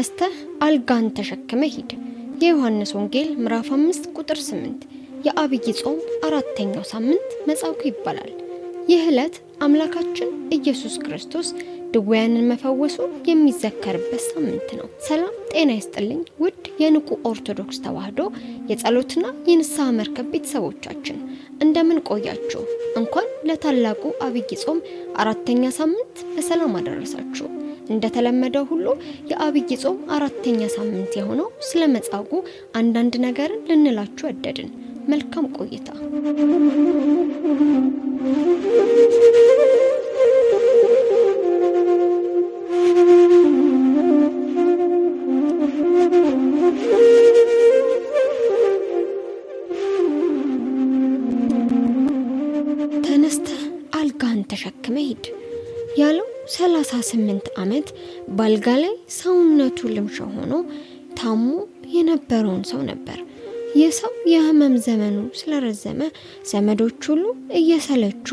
ተነስተህ አልጋን ተሸክመ ሂድ። የዮሐንስ ወንጌል ምዕራፍ 5 ቁጥር 8 የአብይ ጾም አራተኛው ሳምንት መጻጉዕ ይባላል። ይህ ዕለት አምላካችን ኢየሱስ ክርስቶስ ድውያንን መፈወሱ የሚዘከርበት ሳምንት ነው። ሰላም ጤና ይስጥልኝ ውድ የንቁ ኦርቶዶክስ ተዋህዶ የጸሎትና የንስሐ መርከብ ቤተሰቦቻችን እንደምን ቆያችሁ? እንኳን ለታላቁ አብይ ጾም አራተኛ ሳምንት በሰላም አደረሳችሁ። እንደተለመደው ሁሉ የአብይ ጾም አራተኛ ሳምንት የሆነው ስለ መጻጉ አንዳንድ ነገርን ልንላችሁ ወደድን። መልካም ቆይታ የ38 ዓመት ባልጋ ላይ ሰውነቱ ልምሻ ሆኖ ታሞ የነበረውን ሰው ነበር። ይህ ሰው የህመም ዘመኑ ስለረዘመ ዘመዶች ሁሉ እየሰለቹ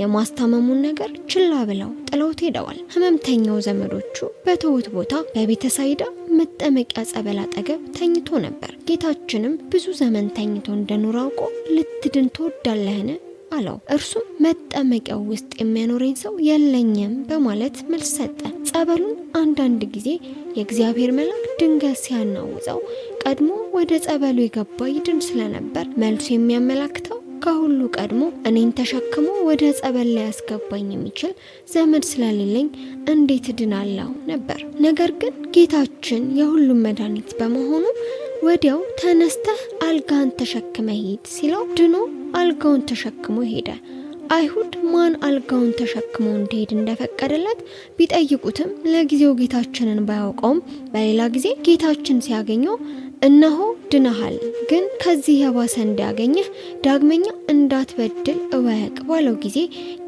የማስታመሙን ነገር ችላ ብለው ጥለውት ሄደዋል። ህመምተኛው ዘመዶቹ በተውት ቦታ በቤተ ሳይዳ መጠመቂያ ጸበል አጠገብ ተኝቶ ነበር። ጌታችንም ብዙ ዘመን ተኝቶ እንደኖረ አውቆ ልትድን ትወዳለህን አለው። እርሱም መጠመቂያው ውስጥ የሚያኖረኝ ሰው የለኝም በማለት መልስ ሰጠ። ጸበሉን አንዳንድ ጊዜ የእግዚአብሔር መልአክ ድንገት ሲያናውፀው ቀድሞ ወደ ጸበሉ የገባ ይድን ስለነበር መልሱ የሚያመላክተው ከሁሉ ቀድሞ እኔን ተሸክሞ ወደ ጸበል ላይ ያስገባኝ የሚችል ዘመድ ስለሌለኝ እንዴት እድናለሁ ነበር። ነገር ግን ጌታችን የሁሉም መድኃኒት በመሆኑ ወዲያው ተነስተህ አልጋን ተሸክመ ሂድ ሲለው ድኖ አልጋውን ተሸክሞ ሄደ። አይሁድ ማን አልጋውን ተሸክሞ እንዲሄድ እንደፈቀደለት ቢጠይቁትም ለጊዜው ጌታችንን ባያውቀውም በሌላ ጊዜ ጌታችን ሲያገኘው እነሆ ድነሃል፣ ግን ከዚህ የባሰ እንዲያገኘህ ዳግመኛ እንዳትበድል እወቅ ባለው ጊዜ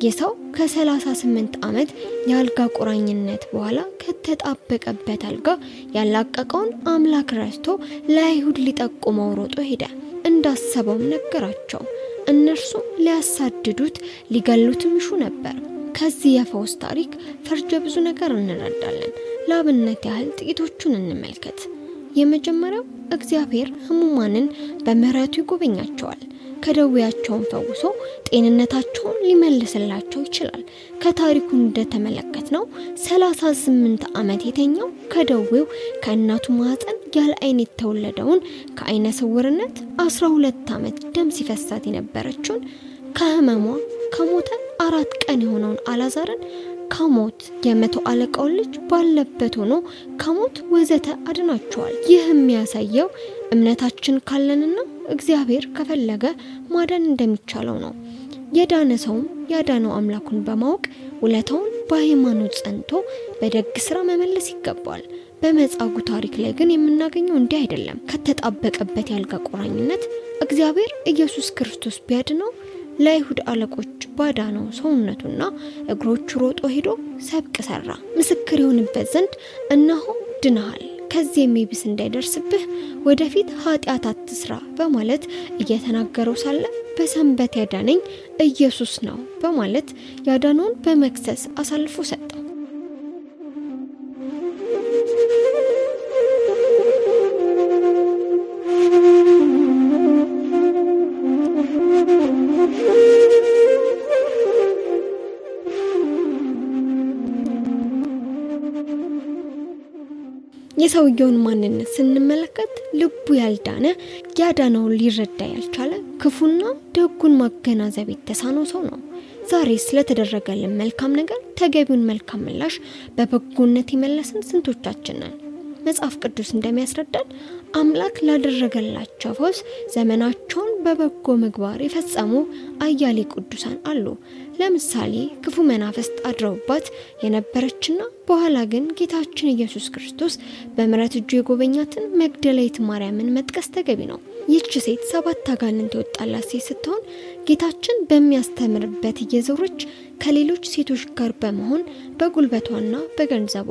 የሰው ከ38 ዓመት የአልጋ ቁራኝነት በኋላ ከተጣበቀበት አልጋ ያላቀቀውን አምላክ ረስቶ ለአይሁድ ሊጠቁመው ሮጦ ሄደ። እንዳሰበውም ነገራቸው። እነርሱም ሊያሳድዱት ሊገሉትም ይሹ ነበር። ከዚህ የፈውስ ታሪክ ፈርጀ ብዙ ነገር እንረዳለን። ለአብነት ያህል ጥቂቶቹን እንመልከት። የመጀመሪያው እግዚአብሔር ህሙማንን በምህረቱ ይጎበኛቸዋል። ከደዌያቸውን ፈውሶ ጤንነታቸውን ሊመልስላቸው ይችላል። ከታሪኩ እንደተመለከት ነው 38 ዓመት የተኛው ከደዌው ከእናቱ ማህፀን ያለ አይን የተወለደውን ከአይነ ስውርነት 12 ዓመት ደም ሲፈሳት የነበረችውን ከህመሟ ከሞተ አራት ቀን የሆነውን አላዛርን ከሞት የመቶ አለቃውን ልጅ ባለበት ሆኖ ከሞት ወዘተ አድናቸዋል። ይህ የሚያሳየው እምነታችን ካለንና እግዚአብሔር ከፈለገ ማዳን እንደሚቻለው ነው። የዳነ ሰውም ያዳነው አምላኩን በማወቅ ውለታውን በሃይማኖት ጸንቶ በደግ ስራ መመለስ ይገባል። በመጻጉ ታሪክ ላይ ግን የምናገኘው እንዲህ አይደለም። ከተጣበቀበት ያልጋ ቁራኝነት እግዚአብሔር ኢየሱስ ክርስቶስ ቢያድነው ለአይሁድ አለቆች ባዳነው ሰውነቱና እግሮቹ ሮጦ ሄዶ ሰብቅ ሰራ፣ ምስክር ይሆንበት ዘንድ እነሆ ድነሃል፣ ከዚህ የሚብስ እንዳይደርስብህ ወደፊት ኃጢአት አትስራ በማለት እየተናገረው ሳለ በሰንበት ያዳነኝ ኢየሱስ ነው በማለት ያዳነውን በመክሰስ አሳልፎ ሰጠ። የሰውየውን ማንነት ስንመለከት ልቡ ያልዳነ ያዳነውን ሊረዳ ያልቻለ ክፉና ደጉን ማገናዘብ የተሳነው ሰው ነው። ዛሬ ስለተደረገልን መልካም ነገር ተገቢውን መልካም ምላሽ በበጎነት የመለስን ስንቶቻችን ነን? መጽሐፍ ቅዱስ እንደሚያስረዳን አምላክ ላደረገላቸው ፈውስ ዘመናቸውን በበጎ ምግባር የፈጸሙ አያሌ ቅዱሳን አሉ። ለምሳሌ ክፉ መናፍስት አድረውባት የነበረችና በኋላ ግን ጌታችን ኢየሱስ ክርስቶስ በምሕረት እጁ የጎበኛትን መግደላዊት ማርያምን መጥቀስ ተገቢ ነው። ይህች ሴት ሰባት አጋንንት የወጣላት ሴት ስትሆን ጌታችን በሚያስተምርበት እየዞረች ከሌሎች ሴቶች ጋር በመሆን በጉልበቷና በገንዘቧ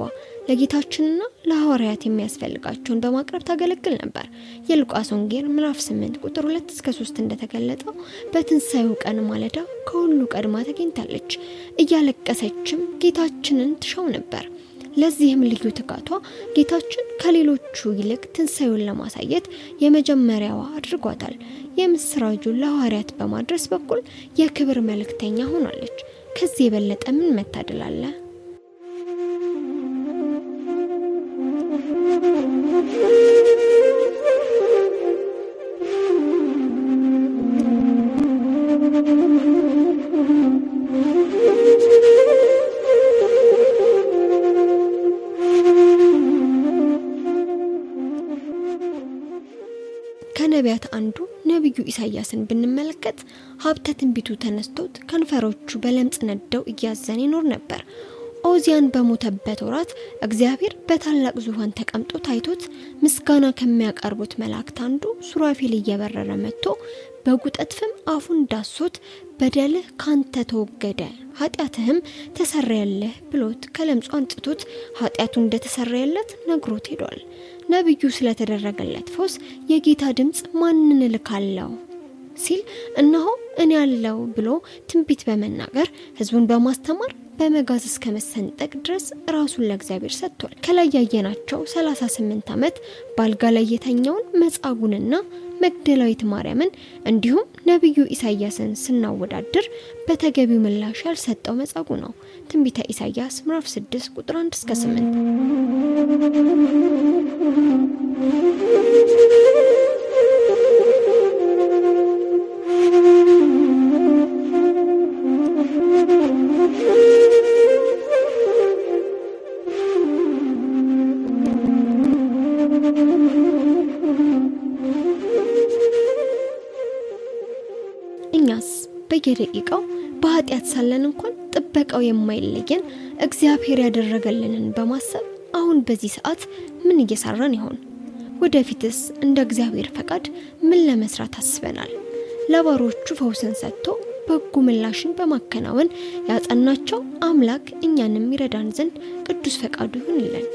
ለጌታችንና ለሐዋርያት የሚያስፈልጋቸውን በማቅረብ ታገለግል ነበር። የሉቃስ ወንጌል ምዕራፍ 8 ቁጥር 2 እስከ 3 እንደተገለጠው በትንሣኤው ቀን ማለዳ ከሁሉ ቀድማ ተገኝታለች። እያለቀሰችም ጌታችንን ትሻው ነበር። ለዚህም ልዩ ትጋቷ ጌታችን ከሌሎቹ ይልቅ ትንሣኤውን ለማሳየት የመጀመሪያዋ አድርጓታል። የምስራጁን ለሐዋርያት በማድረስ በኩል የክብር መልእክተኛ ሆናለች። ከዚህ የበለጠ ምን መታደል አለ? ኢሳያስን ብንመለከት ሀብተ ትንቢቱ ተነስቶት ከንፈሮቹ በለምጽ ነደው እያዘን ይኖር ነበር። ኦዚያን በሞተበት ወራት እግዚአብሔር በታላቅ ዙፋን ተቀምጦ ታይቶት ምስጋና ከሚያቀርቡት መላእክት አንዱ ሱራፊል እየበረረ መጥቶ በጉጠት ፍም አፉን ዳሶት በደልህ ካንተ ተወገደ ኃጢአትህም ተሰረየልህ ብሎት ከለምጹ አንጽቶት ኃጢአቱ እንደተሰረየለት ነግሮት ሄዷል። ነቢዩ ስለተደረገለት ፎስ የጌታ ድምፅ ማንን እልካለሁ ሲል እነሆ እኔ ያለው ብሎ ትንቢት በመናገር ህዝቡን በማስተማር በመጋዝ እስከ መሰንጠቅ ድረስ ራሱን ለእግዚአብሔር ሰጥቷል። ከላይ ያየናቸው 38 ዓመት በአልጋ ላይ የተኛውን መጻጉንና መግደላዊት ማርያምን እንዲሁም ነቢዩ ኢሳያስን ስናወዳድር በተገቢው ምላሽ ያልሰጠው መጻጉ ነው። ትንቢተ ኢሳያስ ምዕራፍ 6 ቁጥር 1 እስከ 8 በየደቂቃው በኃጢአት ሳለን እንኳን ጥበቃው የማይለየን እግዚአብሔር ያደረገልንን በማሰብ አሁን በዚህ ሰዓት ምን እየሰራን ይሆን? ወደፊትስ እንደ እግዚአብሔር ፈቃድ ምን ለመስራት አስበናል? ለባሮቹ ፈውስን ሰጥቶ በጎ ምላሽን በማከናወን ያጸናቸው አምላክ እኛንም ይረዳን ዘንድ ቅዱስ ፈቃዱ ይለን።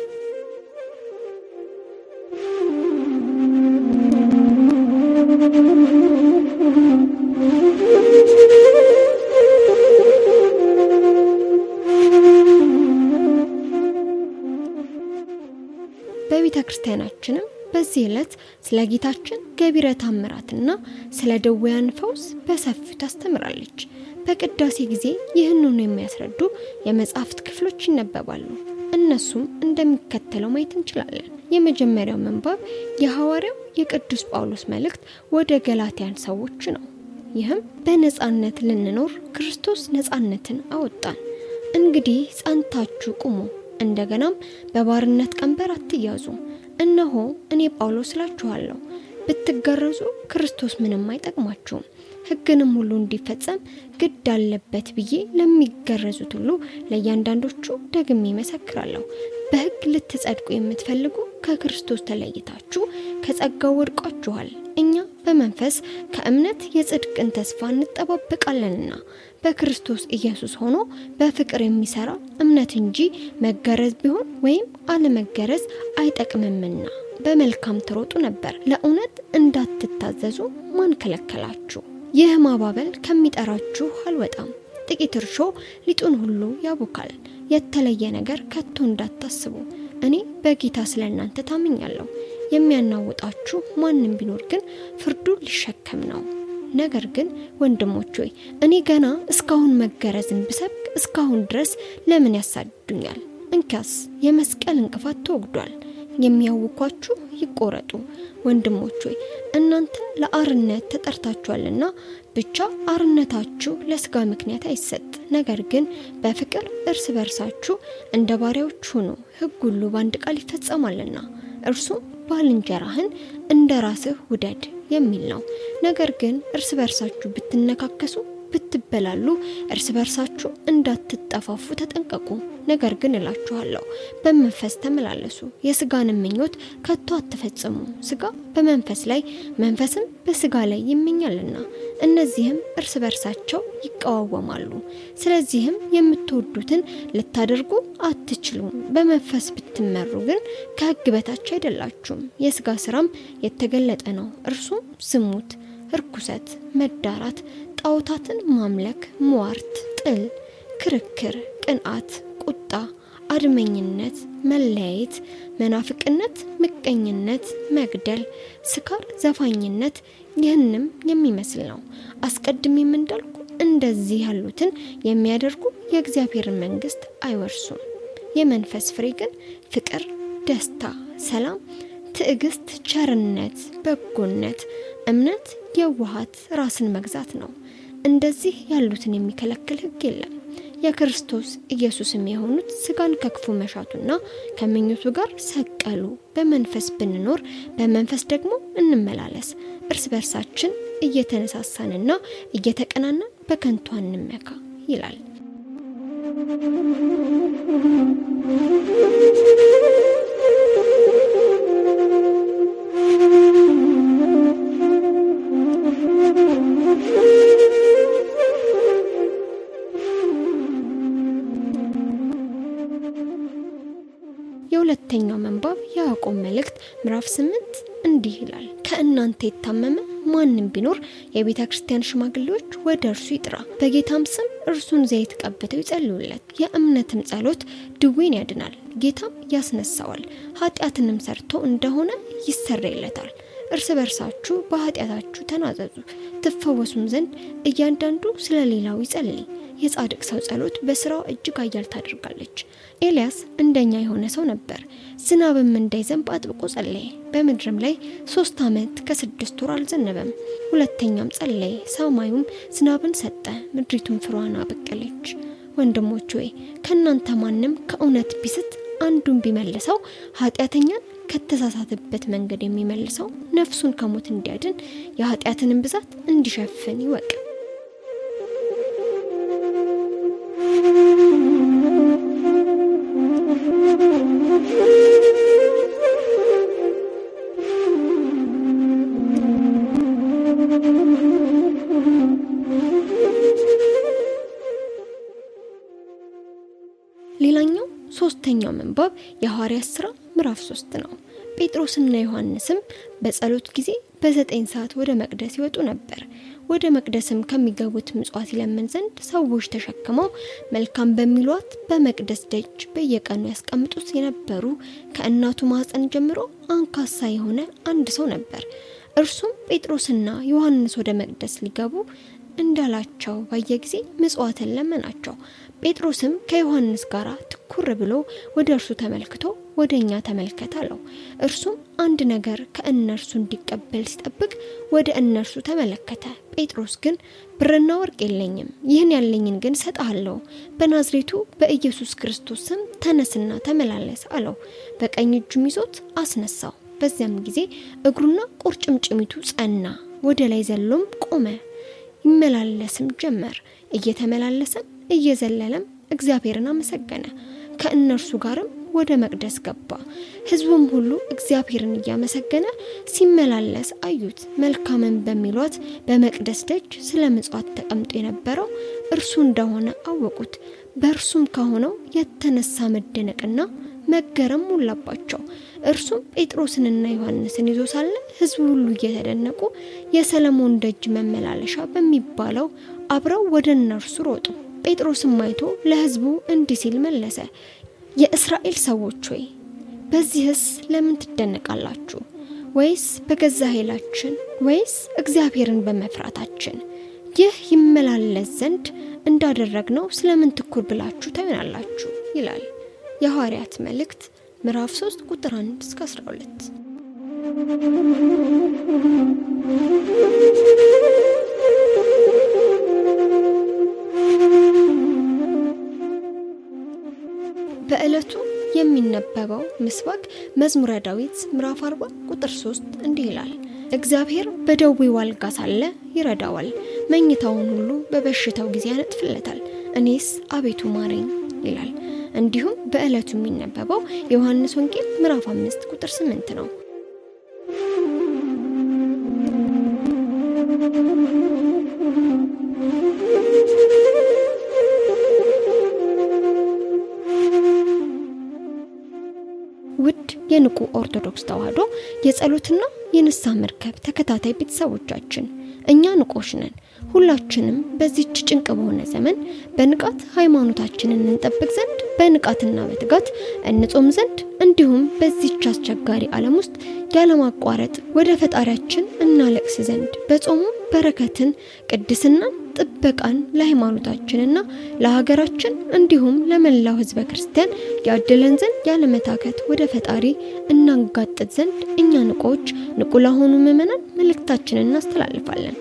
ክርስቲያናችንም በዚህ ዕለት ስለ ጌታችን ገቢረ ታምራትና ስለ ደዌያን ፈውስ በሰፊው ታስተምራለች። በቅዳሴ ጊዜ ይህንኑ የሚያስረዱ የመጽሐፍት ክፍሎች ይነበባሉ። እነሱም እንደሚከተለው ማየት እንችላለን። የመጀመሪያው ምንባብ የሐዋርያው የቅዱስ ጳውሎስ መልእክት ወደ ገላትያን ሰዎች ነው። ይህም በነጻነት ልንኖር ክርስቶስ ነጻነትን አወጣን። እንግዲህ ጸንታችሁ ቁሙ፣ እንደገናም በባርነት ቀንበር አትያዙ እነሆ እኔ ጳውሎስ እላችኋለሁ ብትገረዙ ክርስቶስ ምንም አይጠቅማችሁም። ሕግንም ሁሉ እንዲፈጸም ግድ አለበት ብዬ ለሚገረዙት ሁሉ ለእያንዳንዶቹ ደግሜ ይመሰክራለሁ። በሕግ ልትጸድቁ የምትፈልጉ ከክርስቶስ ተለይታችሁ ከጸጋው ወድቃችኋል። እኛ በመንፈስ ከእምነት የጽድቅን ተስፋ እንጠባበቃለንና በክርስቶስ ኢየሱስ ሆኖ በፍቅር የሚሰራ እምነት እንጂ መገረዝ ቢሆን ወይም አለመገረዝ አይጠቅምምና በመልካም ትሮጡ ነበር፣ ለእውነት እንዳትታዘዙ ማን ከለከላችሁ? ይህ ማባበል ከሚጠራችሁ አልወጣም። ጥቂት እርሾ ሊጡን ሁሉ ያቦካል። የተለየ ነገር ከቶ እንዳታስቡ። እኔ በጌታ ስለ እናንተ ታምኛለሁ። የሚያናውጣችሁ ማንም ቢኖር ግን ፍርዱን ሊሸከም ነው። ነገር ግን ወንድሞች ሆይ እኔ ገና እስካሁን መገረዝን ብሰብክ እስካሁን ድረስ ለምን ያሳድዱኛል? እንኪያስ የመስቀል እንቅፋት ተወግዷል። የሚያውኳችሁ ይቆረጡ። ወንድሞች ሆይ እናንተ ለአርነት ተጠርታችኋልና ብቻ አርነታችሁ ለስጋ ምክንያት አይሰጥ። ነገር ግን በፍቅር እርስ በርሳችሁ እንደ ባሪያዎች ሁኑ፣ ሕግ ሁሉ በአንድ ቃል ይፈጸማልና። እርሱም ባልንጀራህን እንደ ራስህ ውደድ የሚል ነው። ነገር ግን እርስ በርሳችሁ ብትነካከሱ ብትበላሉ እርስ በርሳችሁ እንዳትጠፋፉ ተጠንቀቁ። ነገር ግን እላችኋለሁ በመንፈስ ተመላለሱ፣ የስጋንም ምኞት ከቶ አትፈጽሙ። ስጋ በመንፈስ ላይ መንፈስም በስጋ ላይ ይመኛልና እነዚህም እርስ በርሳቸው ይቀዋወማሉ። ስለዚህም የምትወዱትን ልታደርጉ አትችሉም። በመንፈስ ብትመሩ ግን ከሕግ በታች አይደላችሁም። የስጋ ስራም የተገለጠ ነው፣ እርሱም ዝሙት፣ እርኩሰት፣ መዳራት ጣዖታትን ማምለክ፣ ሟርት፣ ጥል፣ ክርክር፣ ቅንዓት፣ ቁጣ፣ አድመኝነት፣ መለያየት፣ መናፍቅነት፣ ምቀኝነት፣ መግደል፣ ስካር፣ ዘፋኝነት ይህንም የሚመስል ነው። አስቀድሜም እንዳልኩ እንደዚህ ያሉትን የሚያደርጉ የእግዚአብሔርን መንግስት አይወርሱም። የመንፈስ ፍሬ ግን ፍቅር፣ ደስታ፣ ሰላም፣ ትዕግስት፣ ቸርነት፣ በጎነት፣ እምነት፣ የዋሃት፣ ራስን መግዛት ነው። እንደዚህ ያሉትን የሚከለክል ህግ የለም። የክርስቶስ ኢየሱስም የሆኑት ስጋን ከክፉ መሻቱና ከምኞቱ ጋር ሰቀሉ። በመንፈስ ብንኖር በመንፈስ ደግሞ እንመላለስ። እርስ በርሳችን እየተነሳሳንና እየተቀናናን በከንቱ እንመካ ይላል። ምዕራፍ 8 እንዲህ ይላል፣ ከእናንተ የታመመ ማንም ቢኖር የቤተ ክርስቲያን ሽማግሌዎች ወደ እርሱ ይጥራ፣ በጌታም ስም እርሱን ዘይት ቀብተው ይጸልዩለት። የእምነትም ጸሎት ድዌን ያድናል፣ ጌታም ያስነሳዋል። ኃጢአትንም ሰርቶ እንደሆነ ይሰረይለታል። እርስ በርሳችሁ በኃጢአታችሁ ተናዘዙ ትፈወሱም ዘንድ እያንዳንዱ ስለ ሌላው ይጸልይ። የጻድቅ ሰው ጸሎት በስራው እጅግ አያል ታደርጋለች። ኤልያስ እንደኛ የሆነ ሰው ነበር። ዝናብም እንዳይዘንብ አጥብቆ ጸለየ። በምድርም ላይ ሶስት ዓመት ከስድስት ወር አልዘነበም። ሁለተኛም ጸለየ፣ ሰማዩም ዝናብን ሰጠ፣ ምድሪቱን ፍሬዋን አበቀለች። ወንድሞች ሆይ ከእናንተ ማንም ከእውነት ቢስት አንዱን ቢመልሰው ኃጢአተኛን ከተሳሳተበት መንገድ የሚመልሰው ነፍሱን ከሞት እንዲያድን የኃጢአትንም ብዛት እንዲሸፍን ይወቅ። ሌላኛው ሶስተኛው ምንባብ የሐዋርያት ስራ ምዕራፍ 3 ነው። ጴጥሮስና ዮሐንስም በጸሎት ጊዜ በዘጠኝ ሰዓት ወደ መቅደስ ይወጡ ነበር። ወደ መቅደስም ከሚገቡት ምጽዋት ይለምን ዘንድ ሰዎች ተሸክመው መልካም በሚሏት በመቅደስ ደጅ በየቀኑ ያስቀምጡት የነበሩ ከእናቱ ማህፀን ጀምሮ አንካሳ የሆነ አንድ ሰው ነበር። እርሱም ጴጥሮስና ዮሐንስ ወደ መቅደስ ሊገቡ እንዳላቸው ባየ ጊዜ ምጽዋትን ለመናቸው። ጴጥሮስም ከዮሐንስ ጋር ትኩር ብሎ ወደ እርሱ ተመልክቶ ወደ እኛ ተመልከት አለው። እርሱም አንድ ነገር ከእነርሱ እንዲቀበል ሲጠብቅ ወደ እነርሱ ተመለከተ። ጴጥሮስ ግን ብርና ወርቅ የለኝም፣ ይህን ያለኝን ግን ሰጥሃለሁ። በናዝሬቱ በኢየሱስ ክርስቶስ ስም ተነስና ተመላለስ አለው። በቀኝ እጁም ይዞት አስነሳው። በዚያም ጊዜ እግሩና ቁርጭምጭሚቱ ጸና፣ ወደ ላይ ዘሎም ቆመ። ይመላለስም ጀመር። እየተመላለሰም እየዘለለም እግዚአብሔርን አመሰገነ። ከእነርሱ ጋርም ወደ መቅደስ ገባ። ሕዝቡም ሁሉ እግዚአብሔርን እያመሰገነ ሲመላለስ አዩት። መልካምን በሚሏት በመቅደስ ደጅ ስለ ምጽዋት ተቀምጦ የነበረው እርሱ እንደሆነ አወቁት። በእርሱም ከሆነው የተነሳ መደነቅና መገረም ሞላባቸው። እርሱም ጴጥሮስንና ዮሐንስን ይዞ ሳለ ሕዝቡ ሁሉ እየተደነቁ የሰለሞን ደጅ መመላለሻ በሚባለው አብረው ወደ እነርሱ ሮጡ። ጴጥሮስም አይቶ ለሕዝቡ እንዲህ ሲል መለሰ፣ የእስራኤል ሰዎች ሆይ በዚህስ ለምን ትደነቃላችሁ? ወይስ በገዛ ኃይላችን ወይስ እግዚአብሔርን በመፍራታችን ይህ ይመላለስ ዘንድ እንዳደረግነው ስለምን ትኩር ብላችሁ ታዩናላችሁ? ይላል የሐዋርያት መልእክት ምዕራፍ 3 ቁጥር 1 እስከ 12 የሚነበበው ምስባክ መዝሙረ ዳዊት ምዕራፍ 40 ቁጥር 3 እንዲህ ይላል፣ እግዚአብሔር በደዌ ዋልጋ ሳለ ይረዳዋል፣ መኝታውን ሁሉ በበሽታው ጊዜ ያነጥፍለታል። እኔስ አቤቱ ማረኝ ይላል። እንዲሁም በዕለቱ የሚነበበው የዮሐንስ ወንጌል ምዕራፍ 5 ቁጥር 8 ነው። ውድ የንቁ ኦርቶዶክስ ተዋህዶ የጸሎትና የንስሐ መርከብ ተከታታይ ቤተሰቦቻችን እኛ ንቆሽ ነን። ሁላችንም በዚች ጭንቅ በሆነ ዘመን በንቃት ሃይማኖታችንን እንጠብቅ ዘንድ በንቃትና በትጋት እንጾም ዘንድ እንዲሁም በዚች አስቸጋሪ ዓለም ውስጥ ያለማቋረጥ ወደ ፈጣሪያችን እናለቅስ ዘንድ በጾሙ በረከትን ቅድስናን ጥበቃን ለሃይማኖታችንና ለሀገራችን እንዲሁም ለመላው ህዝበ ክርስቲያን ያደለን ዘንድ ያለመታከት ወደ ፈጣሪ እናንጋጥጥ ዘንድ እኛ ንቆዎች ንቁ ለሆኑ ምእመናን መልእክታችንን እናስተላልፋለን።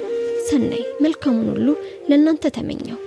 ሰናይ መልካሙን ሁሉ ለእናንተ ተመኘው።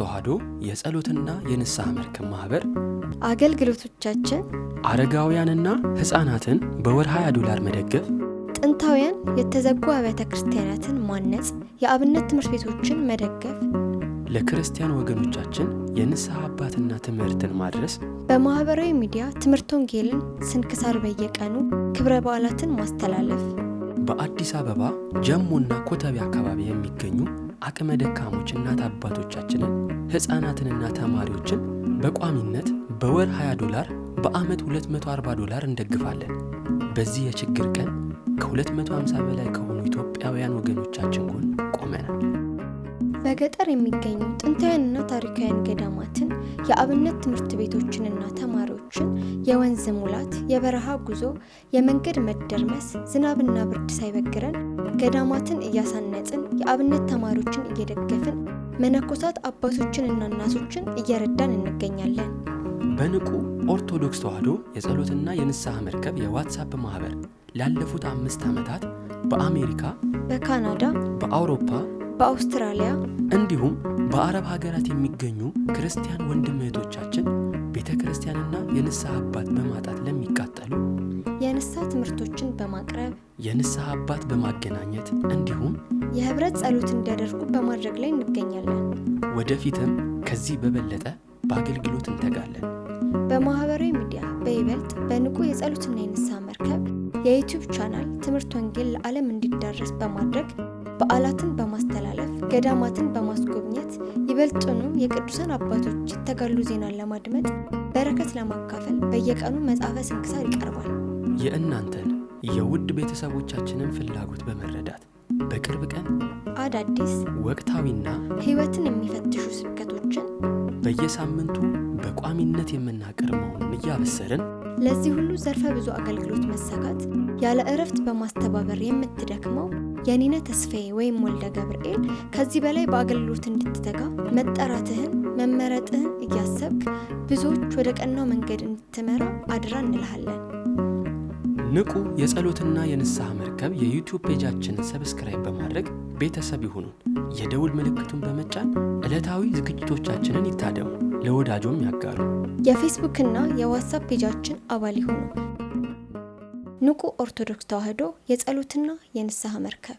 ተዋህዶ የጸሎትና የንስሐ መርከብ ማህበር አገልግሎቶቻችን አረጋውያንና ህፃናትን በወር 20 ዶላር መደገፍ፣ ጥንታውያን የተዘጉ አብያተ ክርስቲያናትን ማነጽ፣ የአብነት ትምህርት ቤቶችን መደገፍ፣ ለክርስቲያን ወገኖቻችን የንስሐ አባትና ትምህርትን ማድረስ፣ በማህበራዊ ሚዲያ ትምህርት ወንጌልን፣ ስንክሳር በየቀኑ ክብረ በዓላትን ማስተላለፍ፣ በአዲስ አበባ ጀሞና ኮተቤ አካባቢ የሚገኙ አቅመ ደካሞች እናት አባቶቻችንን ሕፃናትንና ተማሪዎችን በቋሚነት በወር 20 ዶላር በዓመት 240 ዶላር እንደግፋለን። በዚህ የችግር ቀን ከ250 በላይ ከሆኑ ኢትዮጵያውያን ወገኖቻችን ጎን ቆመናል። በገጠር የሚገኙ ጥንታውያንና ታሪካውያን ገዳማትን፣ የአብነት ትምህርት ቤቶችንና ተማሪዎች ሰዎችን የወንዝ ሙላት፣ የበረሃ ጉዞ፣ የመንገድ መደርመስ፣ ዝናብና ብርድ ሳይበግረን ገዳማትን እያሳነጽን የአብነት ተማሪዎችን እየደገፍን መነኮሳት አባቶችንና እናቶችን እየረዳን እንገኛለን። በንቁ ኦርቶዶክስ ተዋሕዶ የጸሎትና የንስሐ መርከብ የዋትሳፕ ማህበር ላለፉት አምስት ዓመታት በአሜሪካ፣ በካናዳ፣ በአውሮፓ፣ በአውስትራሊያ እንዲሁም በአረብ ሀገራት የሚገኙ ክርስቲያን ወንድም እህቶቻችን ክርስቲያንና የንስሐ አባት በማጣት ለሚቃጠሉ የንስሐ ትምህርቶችን በማቅረብ የንስሐ አባት በማገናኘት እንዲሁም የህብረት ጸሎት እንዲያደርጉ በማድረግ ላይ እንገኛለን። ወደፊትም ከዚህ በበለጠ በአገልግሎት እንተጋለን። በማህበራዊ ሚዲያ በይበልጥ በንቁ የጸሎትና የንስሐ መርከብ የዩቲዩብ ቻናል ትምህርት ወንጌል ለዓለም እንዲዳረስ በማድረግ በዓላትን በማስተላለፍ ገዳማትን በማስጎብኘት ይበልጥኑ የቅዱሳን አባቶች የተጋሉ ዜናን ለማድመጥ በረከት ለማካፈል በየቀኑ መጽሐፈ ስንክሳር ይቀርባል። የእናንተን የውድ ቤተሰቦቻችንን ፍላጎት በመረዳት በቅርብ ቀን አዳዲስ ወቅታዊና ሕይወትን የሚፈትሹ ስብከቶችን በየሳምንቱ በቋሚነት የምናቀርብ እያበሰርን ለዚህ ሁሉ ዘርፈ ብዙ አገልግሎት መሳካት ያለ እረፍት በማስተባበር የምትደክመው የኔነ ተስፋዬ ወይም ወልደ ገብርኤል ከዚህ በላይ በአገልግሎት እንድትተጋ መጠራትህን መመረጥህን እያሰብክ ብዙዎች ወደ ቀናው መንገድ እንድትመራ አድራ እንልሃለን። ንቁ የጸሎትና የንስሐ መርከብ የዩቲዩብ ፔጃችንን ሰብስክራይብ በማድረግ ቤተሰብ ይሁኑን። የደውል ምልክቱን በመጫን ዕለታዊ ዝግጅቶቻችንን ይታደሙ፣ ለወዳጆም ያጋሩ። የፌስቡክና የዋትሳፕ ፔጃችን አባል ይሁኑ። ንቁ ኦርቶዶክስ ተዋህዶ የጸሎትና የንስሐ መርከብ